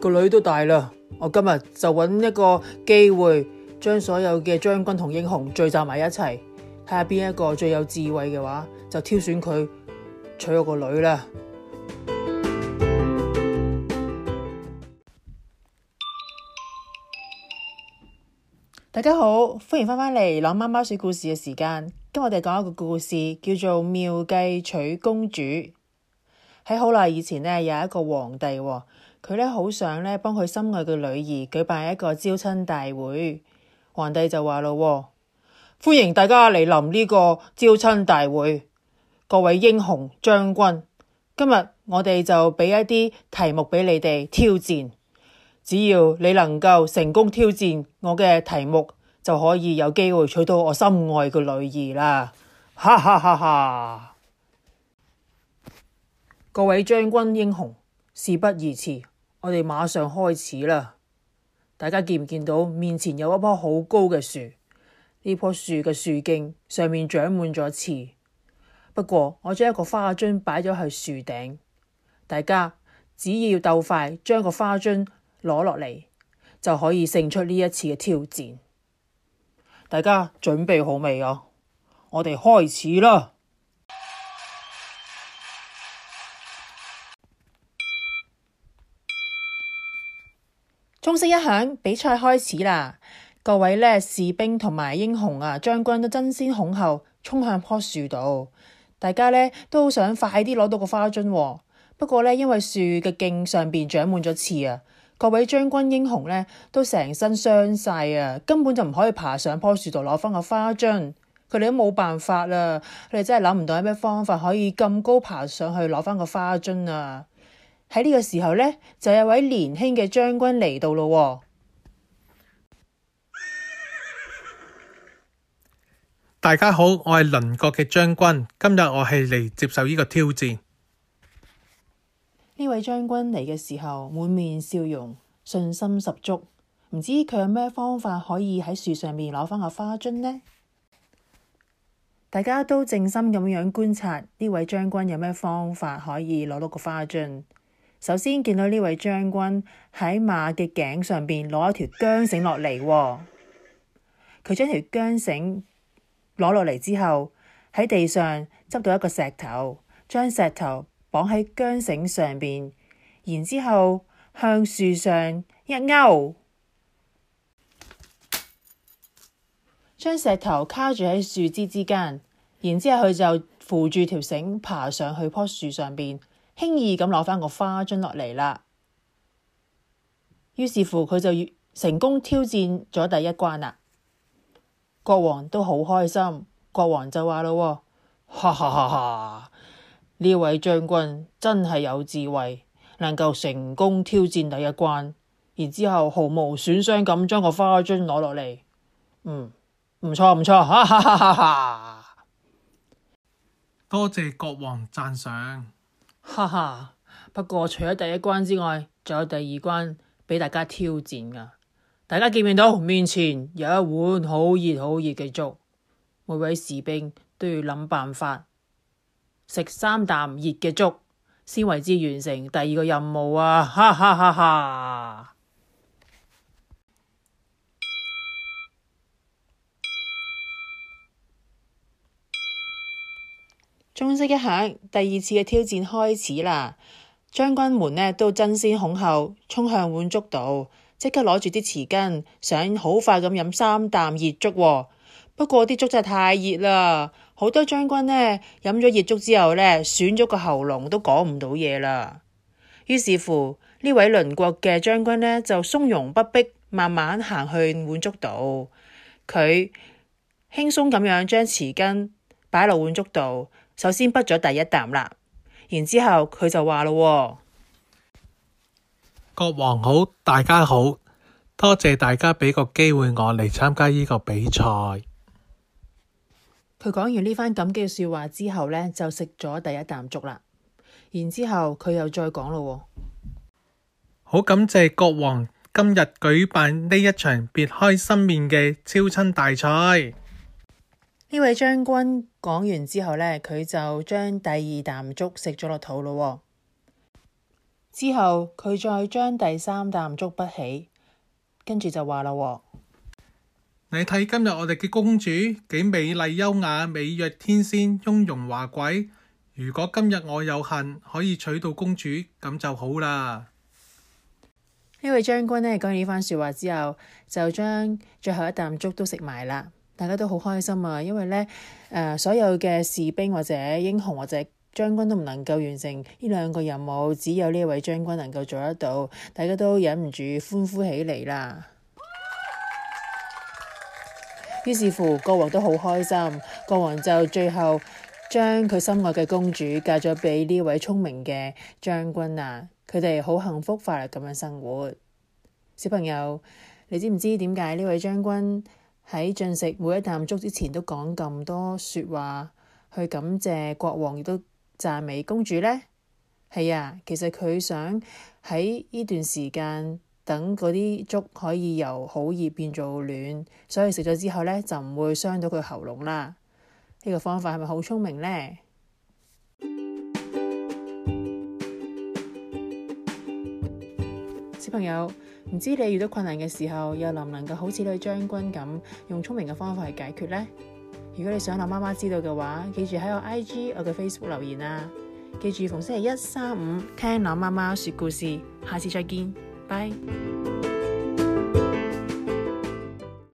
個女都大啦，我今日就搵一個機會，將所有嘅將軍同英雄聚集埋一齊，睇下邊一個最有智慧嘅話，就挑選佢娶我個女啦。大家好，歡迎返返嚟《Hi 媽媽說故事》嘅時間，今日我哋講一個故事，叫做《妙計娶公主》。喺好耐以前呢，有一個皇帝，哦。佢咧，好想咧，幫佢心愛嘅女兒舉辦一個招親大會，皇帝就話咯：歡迎大家嚟臨呢個招親大會，各位英雄將軍，今日我哋就俾一啲題目俾你哋挑戰，只要你能夠成功挑戰我嘅題目，就可以有機會娶到我心愛嘅女兒啦！哈哈哈哈！各位將軍英雄，事不宜遲。我哋馬上開始啦！大家見唔見到面前有一棵好高嘅樹？呢棵樹嘅樹莖上面長滿咗刺。不過我將一個花樽擺咗喺樹頂，大家只要鬥快將個花樽攞落嚟，就可以勝出呢一次嘅挑戰。大家準備好未啊？我哋開始啦！鐘聲一響，比賽開始啦！各位咧士兵同埋英雄啊，將軍都爭先恐後衝向棵樹度。大家咧都好想快啲攞到個花樽，哦。不過咧，因為樹嘅莖上邊長滿咗刺啊，各位將軍英雄咧都成身傷晒啊，根本就唔可以爬上棵樹度攞翻個花樽。佢哋都冇辦法啦，佢哋真係諗唔到有咩方法可以咁高爬上去攞翻個花樽啊！喺呢個時候呢，就有位年輕嘅將軍嚟到咯。大家好，我係鄰國嘅將軍。今日我係嚟接受呢個挑戰。呢位將軍嚟嘅時候，滿面笑容，信心十足。唔知佢有咩方法可以喺樹上面攞翻個花樽呢？大家都靜心咁樣觀察呢位將軍有咩方法可以攞到個花樽。首先見到呢位將軍喺馬嘅頸上邊攞一條韁繩落嚟，佢將條韁繩攞落嚟之後，喺地上執到一個石頭，將石頭綁喺韁繩上邊，然之後向樹上一勾，將石頭卡住喺樹枝之間，然之後佢就扶住條繩爬上去棵樹上邊。輕易咁攞翻個花樽落嚟啦，於是乎佢就成功挑戰咗第一關啦。國王都好開心，國王就話咯：「哈哈哈，哈哈，呢位將軍真係有智慧，能夠成功挑戰第一關，然之後毫無損傷咁將個花樽攞落嚟，嗯，唔錯唔錯，哈哈哈哈！多謝國王讚賞。哈哈，不過除咗第一關之外，仲有第二關畀大家挑戰噶。大家見唔見到面前有一碗好熱好熱嘅粥，每位士兵都要諗辦法食三啖熱嘅粥，先為之完成第二個任務啊！哈哈哈哈。鐘聲一響，第二次嘅挑戰開始啦。將軍們呢都爭先恐後衝向碗粥度，即刻攞住啲匙羹，想好快咁飲三啖熱粥，哦。不過啲粥真係太熱啦，好多將軍呢飲咗熱粥之後呢，損咗個喉嚨都講唔到嘢啦。於是乎呢位鄰國嘅將軍呢就從容不迫，慢慢行去碗粥度。佢輕鬆咁樣將匙羹擺落碗粥度。首先滗咗第一啖啦，然之後佢就話咯、哦：國王好，大家好，多謝大家俾個機會我嚟參加呢個比賽。佢講完呢番感激嘅說話之後呢，就食咗第一啖粥啦。然之後佢又再講咯、哦：好感謝國王今日舉辦呢一場別開生面嘅招親大賽。呢位將軍講完之後呢，佢就將第二啖粥食咗落肚咯、哦。之後佢再將第三啖粥不起，跟住就話啦、哦：「你睇今日我哋嘅公主幾美麗優雅、美若天仙、雍容華貴。如果今日我有幸可以娶到公主，咁就好喇。」呢位將軍呢講完呢番說話之後，就將最後一啖粥都食埋喇。大家都好開心啊，因為咧，誒、呃、所有嘅士兵或者英雄或者將軍都唔能夠完成呢兩個任務，只有呢位將軍能夠做得到，大家都忍唔住歡呼起嚟啦。於 是乎，國王都好開心，國王就最後將佢心愛嘅公主嫁咗俾呢位聰明嘅將軍啊，佢哋好幸福快樂咁樣生活。小朋友，你知唔知點解呢位將軍喺進食每一啖粥之前都講咁多說話去感謝國王，亦都讚美公主呢係啊？其實佢想喺呢段時間等嗰啲粥可以由好熱變做暖，所以食咗之後呢，就唔會傷到佢喉嚨啦。呢個方法係咪好聰明呢？小朋友。唔知你遇到困難嘅時候，又能唔能夠好似對將軍咁，用聰明嘅方法去解決呢？如果你想 Hi 媽媽知道嘅話，記住喺我 IG、我嘅 Facebook 留言啊！記住逢星期一、三、五聽 Hi 媽媽說故事，下次再見，拜。